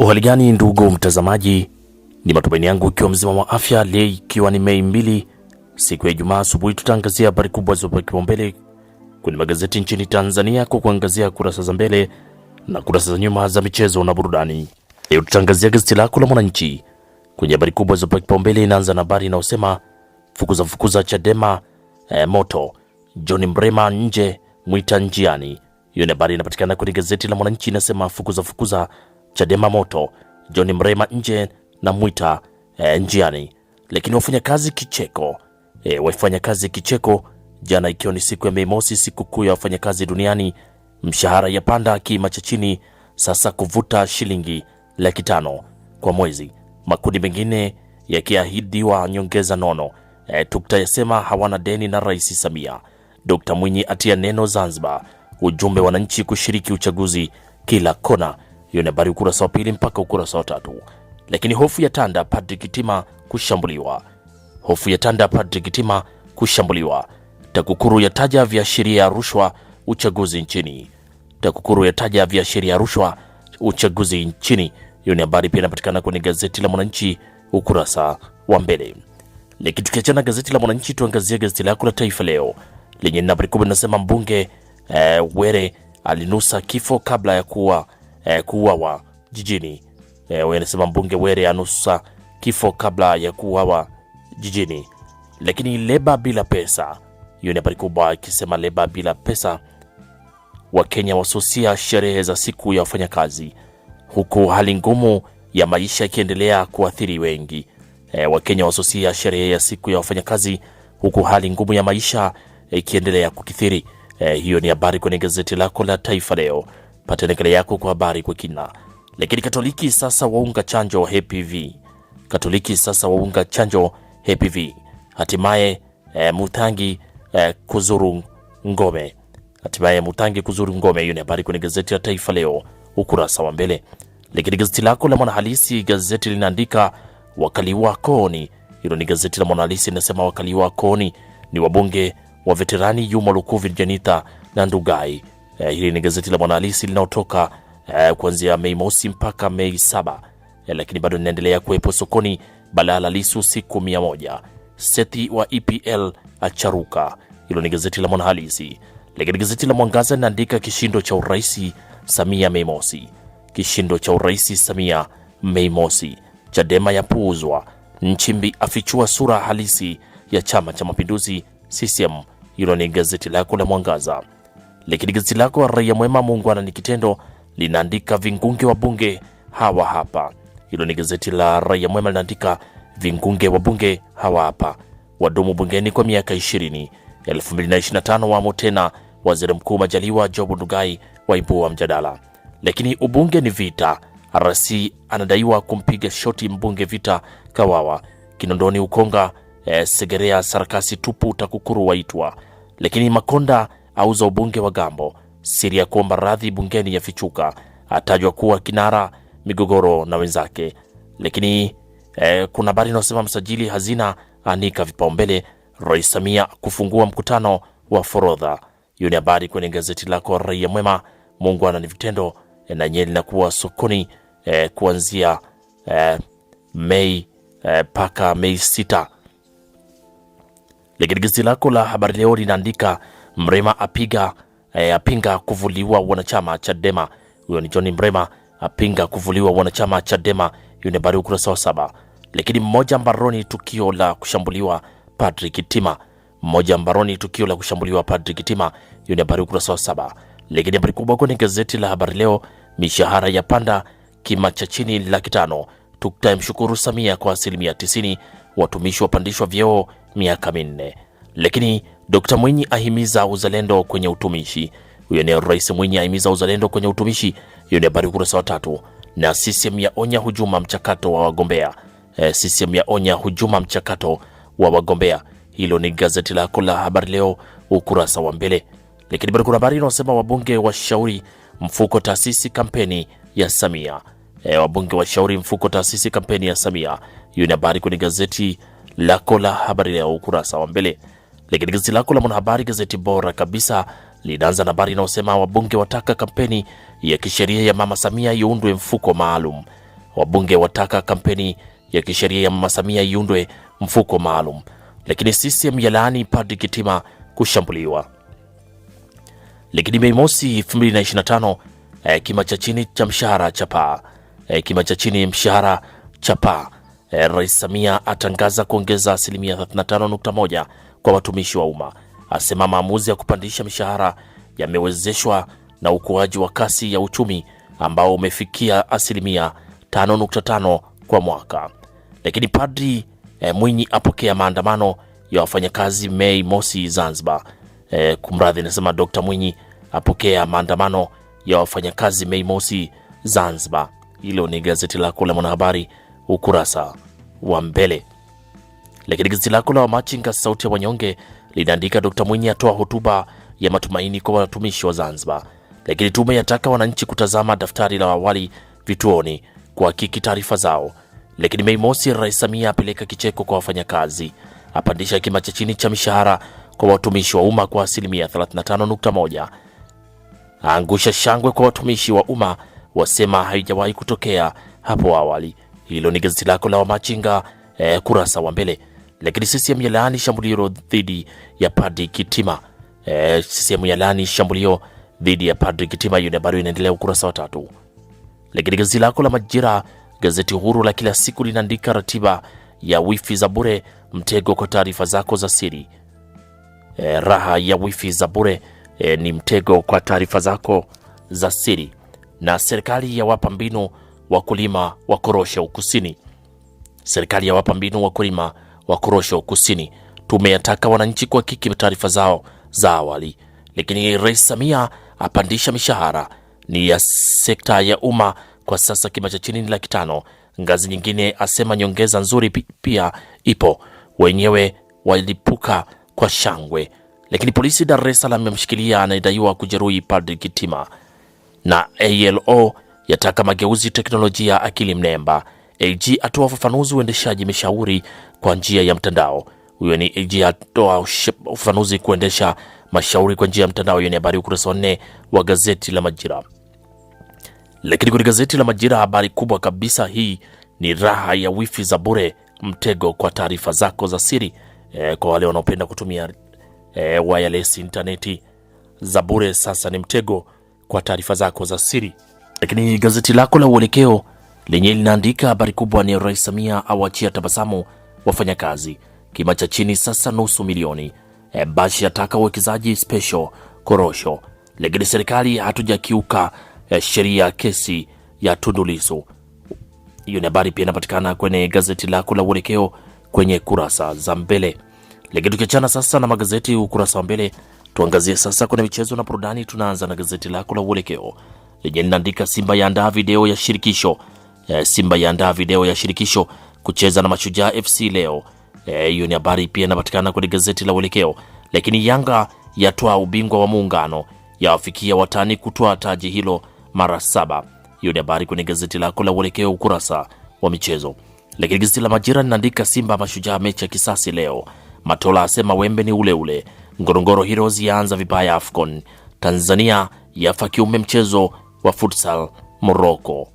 Uhali gani ndugu mtazamaji, ni matumaini yangu ikiwa mzima wa afya. Leo ikiwa ni Mei mbili, siku ya Ijumaa asubuhi, tutaangazia habari kubwa zilizopewa kipaumbele kwenye magazeti nchini Tanzania kwa kuangazia kurasa za mbele na kurasa za nyuma za michezo na burudani. Leo tutaangazia gazeti lako la Mwananchi kwenye habari kubwa zilizopewa kipaumbele. Inaanza na habari inayosema fukuza fukuza Chadema eh, moto John Mrema nje mwita njiani. Hiyo ni habari inapatikana kwenye gazeti la Mwananchi, inasema fukuza fukuza Chadema moto, John Mrema nje na Mwita e, njiani. Lakini wafanyakazi kicheko e, wafanyakazi kicheko jana, ikiwa ni siku ya Mei Mosi, siku kuu ya wafanyakazi duniani, mshahara ya panda kima cha chini sasa kuvuta shilingi laki tano kwa mwezi, makundi mengine yakiahidiwa nyongeza nono. E, tukta yasema hawana deni na Rais Samia. Dr Mwinyi atia neno Zanzibar, ujumbe wananchi kushiriki uchaguzi kila kona. Hiyo ni habari ukurasa wa pili mpaka ukurasa wa tatu. Lakini hofu ya tanda Patrick Tima kushambuliwa, hofu ya tanda Patrick Tima kushambuliwa. TAKUKURU yataja viashiria rushwa uchaguzi nchini. TAKUKURU yataja viashiria rushwa uchaguzi nchini. Hiyo ni habari pia inapatikana kwenye gazeti la Mwananchi ukurasa wa mbele. Lakini tukiachana gazeti la Mwananchi, tuangazie gazeti lako la Taifa Leo lenye nambari kubwa inasema mbunge eh, Were alinusa kifo kabla ya kuwa eh, kuuawa jijini eh, wanasema mbunge Were anusa kifo kabla ya kuuawa jijini. Lakini leba bila pesa, hiyo ni habari kubwa ikisema leba bila pesa, Wakenya wasusia sherehe za siku ya wafanyakazi, huku hali ngumu ya maisha ikiendelea kuathiri wengi. E, eh, Wakenya wasusia sherehe ya siku ya wafanyakazi huku hali ngumu ya maisha ikiendelea kukithiri. E, hiyo ni habari kwenye gazeti lako la Taifa Leo. Pata nakala yako kwa habari kwa kina. Lakini Katoliki sasa waunga chanjo HPV. Katoliki sasa waunga chanjo HPV. Hatimaye e, Mutangi e, kuzuru ngome. Hatimaye Mutangi kuzuru ngome. Hiyo ni habari kwenye gazeti la Taifa Leo ukurasa wa mbele. Lakini gazeti lako la Mwanahalisi, gazeti linaandika wakaliwa koni. Hilo ni gazeti la Mwanahalisi linasema wakaliwa koni ni wabunge wa veterani Juma Lukuvi, Janita na Ndugai Eh, hili ni gazeti la Mwanahalisi linalotoka eh, kuanzia Mei mosi mpaka Mei saba, eh, lakini bado linaendelea kuwepo sokoni. Balala Lisu siku mia moja, seti wa EPL acharuka. Hilo ni gazeti la Mwanahalisi. Lakini gazeti la Mwangaza linaandika kishindo cha uraisi Samia Mei mosi, kishindo cha uraisi Samia Mei mosi, Chadema yapuuzwa, Nchimbi afichua sura halisi ya Chama cha Mapinduzi CCM. Hilo ni gazeti lako la Mwangaza. Lakini gazeti lako Raia Mwema, muungwana ni kitendo, linaandika vingunge wa bunge hawa hapa. Hilo ni gazeti la Raia Mwema linaandika vingunge wa bunge hawa hapa, wadumu bungeni kwa miaka 20. 2025 wamo tena, waziri mkuu Majaliwa, Job Ndugai waibua mjadala. Lakini ubunge ni vita, RC anadaiwa kumpiga shoti mbunge vita Kawawa. Kinondoni Ukonga, eh, Segerea sarakasi tupu, TAKUKURU waitwa. Lakini Makonda auza ubunge wa Gambo. Siri ya kuomba radhi bungeni yafichuka, atajwa kuwa kinara migogoro na wenzake. Lakini eh, kuna habari inayosema msajili hazina anika vipaumbele, Rais Samia kufungua mkutano wa forodha. Hiyo ni habari kwenye gazeti lako Raia Mwema. Muungwana ni vitendo, eh, na na kuwa sokoni eh, kuanzia eh, Mei eh, mpaka eh, Mei sita. Lakini gazeti lako la Habari Leo linaandika Mrema apiga e, apinga kuvuliwa wanachama Chadema. Huyo ni John Mrema apinga kuvuliwa wanachama Chadema. Hiyo ni habari ukurasa wa saba. Lakini mmoja mbaroni tukio la kushambuliwa Padri Kitima, mmoja mbaroni tukio la kushambuliwa Padri Kitima. Hiyo ni habari ukurasa wa saba. Lakini habari kubwa kwenye gazeti la Habari Leo, mishahara ya panda kima cha chini laki tano tukta mshukuru Samia kwa asilimia tisini, watumishi wapandishwa vyeo miaka minne. Lakini Dr. Mwinyi ahimiza uzalendo kwenye utumishi. Huyo ni Rais Mwinyi ahimiza uzalendo kwenye utumishi. Hiyo ni habari ukurasa wa tatu. Na CCM ya onya hujuma mchakato wa wagombea. E, CCM ya onya hujuma mchakato wa wagombea. Hilo ni gazeti lako la habari leo ukurasa wa mbele. Lakini bado kuna habari inasema wabunge washauri mfuko taasisi kampeni ya Samia. E, wabunge washauri mfuko taasisi kampeni ya Samia. Hiyo ni habari kwenye gazeti lako la habari leo ukurasa wa mbele. Lakini gazeti lako la Mwanahabari, gazeti bora kabisa, linaanza na habari inayosema wabunge wataka kampeni ya kisheria ya mama Samia iundwe mfuko maalum. Wabunge wataka kampeni ya kisheria ya mama Samia iundwe mfuko maalum. Lakini CCM yalaani Padri Kitima kushambuliwa. Lakini Mei Mosi 2025 eh, kima cha chini cha mshahara cha paa eh, kima cha chini mshahara cha paa eh, Rais Samia atangaza kuongeza asilimia 35.1 kwa watumishi wa umma, asema maamuzi ya kupandisha mishahara yamewezeshwa na ukuaji wa kasi ya uchumi ambao umefikia asilimia 5.5 kwa mwaka. Lakini Padri e, Mwinyi apokea maandamano ya wafanyakazi Mei Mosi Zanzibar. E, kumradhi, nasema Dr. Mwinyi apokea maandamano ya wafanyakazi Mei Mosi Zanzibar. Hilo ni gazeti lako la Mwanahabari ukurasa wa mbele. Lakini gazeti lako la Wamachinga sauti ya wanyonge linaandika Dr. Mwinyi atoa hotuba ya matumaini kwa watumishi wa Zanzibar, lakini tume yataka wananchi kutazama daftari la awali vituoni kuhakiki taarifa zao. Lakini Mei Mosi, Rais Samia apeleka kicheko kwa wafanyakazi, apandisha kima cha chini cha mishahara kwa watumishi wa umma kwa asilimia 35.1, aangusha shangwe kwa watumishi wa umma, wasema haijawahi kutokea hapo awali. Hilo ni gazeti lako la Wamachinga eh, kurasa wa mbele lakini CCM yalaani shambulio dhidi ya Padri Kitima. E, CCM yalaani shambulio dhidi ya Padri Kitima. Hiyo habari inaendelea ukurasa wa tatu. Lakini gazeti lako la Majira, gazeti huru la kila siku, linaandika ratiba ya wifi za bure, mtego kwa taarifa zako za siri. E, raha ya wifi za bure e, ni mtego kwa taarifa zako za siri. Na serikali yawapa mbinu wakulima wa wakorosho kusini. Serikali yawapa mbinu wakulima wa Korosho Kusini. Tumeyataka wananchi kuhakiki taarifa zao za awali. Lakini Rais Samia apandisha mishahara ni ya sekta ya umma kwa sasa, kima cha chini ni laki tano. Ngazi nyingine asema nyongeza nzuri pia ipo, wenyewe walipuka kwa shangwe. Lakini polisi Dar es Salaam yamshikilia anayedaiwa kujeruhi Padri Kitima, na ALO yataka mageuzi teknolojia akili mnemba. AG atoa ufafanuzi uendeshaji mashauri kwa njia ya mtandao. Huyo ni AG atoa ufafanuzi kuendesha mashauri kwa njia ya mtandao. Hiyo ni habari ukurasa wa nne wa gazeti la Majira. Lakini kwenye gazeti la Majira habari kubwa kabisa hii ni raha ya wifi za bure, mtego kwa taarifa zako za siri. E, kwa wale wanaopenda kutumia e, wireless interneti za bure sasa ni mtego kwa taarifa zako za siri. Lakini gazeti lako la Uelekeo lenye linaandika habari kubwa ni Rais Samia awachia tabasamu wafanyakazi, kima cha chini sasa nusu milioni. E, Bashi ataka uwekezaji special korosho, lakini serikali hatujakiuka e, sheria kesi ya Tundu Hiyo ni habari pia inapatikana kwenye gazeti lako la Uelekeo kwenye kurasa za mbele. Lakini tukiachana sasa na magazeti ukurasa wa mbele, tuangazie sasa kwenye michezo na burudani. Tunaanza na gazeti lako la Uelekeo lenye linaandika Simba yaandaa video ya shirikisho e, Simba yaandaa video ya shirikisho kucheza na Mashujaa FC leo. Eh, hiyo e, ni habari pia inapatikana kwenye gazeti la Uelekeo. Lakini Yanga yatoa ubingwa wa Muungano, yawafikia watani kutoa taji hilo mara saba. Hiyo ni habari kwenye gazeti lako la Uelekeo, ukurasa wa michezo. Lakini gazeti la Majira linaandika Simba Mashujaa, mechi ya kisasi leo. Matola asema wembe ni ule ule. Ngorongoro Heroes yaanza vibaya AFCON. Tanzania yafa kiume mchezo wa futsal Morocco.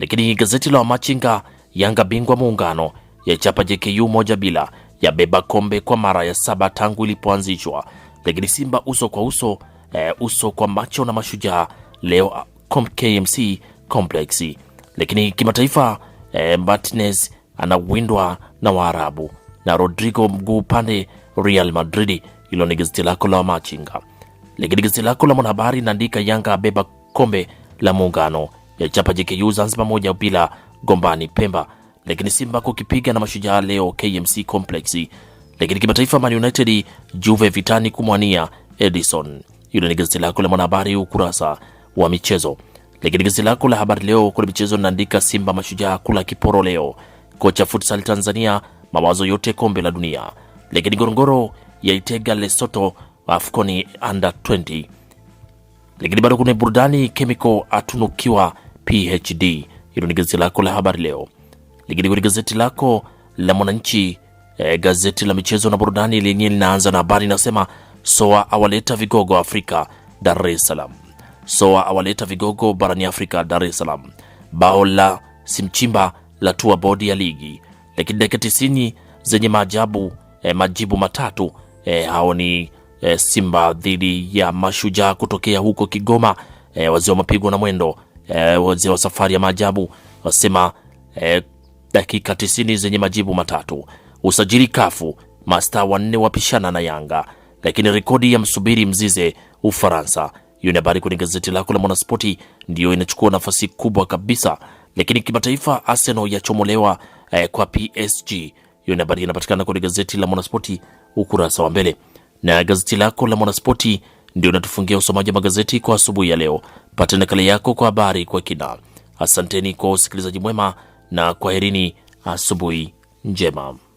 Lakini gazeti la Wamachinga, Yanga bingwa muungano yaichapa JKU moja bila, yabeba kombe kwa mara ya saba tangu ilipoanzishwa. Lakini Simba uso kwa uso, e, uso kwa macho na mashujaa leo ah, KMC Complex. Lakini kimataifa, e, Martinez anawindwa na Waarabu na Rodrigo mguu pande Real Madrid. Hilo ni gazeti lako la Wamachinga. Lakini gazeti lako la Mwanahabari inaandika Yanga beba kombe la muungano ya Chapa JKU Zanzibar moja bila Gombani Pemba. Lakini Simba kukipiga na Mashujaa leo KMC Complex. Lakini kimataifa, Man United Juve vitani kumwania Edison. Hilo ni gazeti lako la Mwanahabari ukurasa wa michezo. Lakini gazeti lako la Habari Leo kule michezo linaandika Simba Mashujaa kula kiporo leo, kocha futsal Tanzania mawazo yote kombe la dunia. Lakini Gorongoro yaitega Lesotho Afconi under 20. Lakini bado kuna burudani, Chemical atunukiwa PhD. Hilo ni gazeti lako la habari leo, lakini kwenye gazeti lako la Mwananchi eh, gazeti la michezo na burudani lenye linaanza na habari inasema Soa awaleta vigogo Afrika Dar es Salaam. Soa awaleta vigogo barani Afrika Dar es Salaam. Bao la Simchimba tua bodi ya ligi, lakini dakika tisini zenye maajabu eh, majibu matatu eh, hao ni eh, Simba dhidi ya Mashujaa kutokea huko Kigoma eh, wazee wa mapigo na mwendo eh, wazee wa safari ya maajabu wasema eh, dakika 90 zenye majibu matatu. Usajili kafu, masta wanne wapishana na Yanga, lakini rekodi ya msubiri mzize Ufaransa. Hiyo ni habari kwenye gazeti lako la Mwanaspoti, ndiyo inachukua nafasi kubwa kabisa. Lakini kimataifa, Arsenal yachomolewa eh, kwa PSG. Hiyo ni habari inapatikana kwenye gazeti la Mwanaspoti ukurasa wa mbele, na gazeti lako la Mwanaspoti ndio natufungia usomaji wa magazeti kwa asubuhi ya leo pata nakala yako kwa habari kwa kina. Asanteni kwa usikilizaji mwema na kwaherini, asubuhi njema.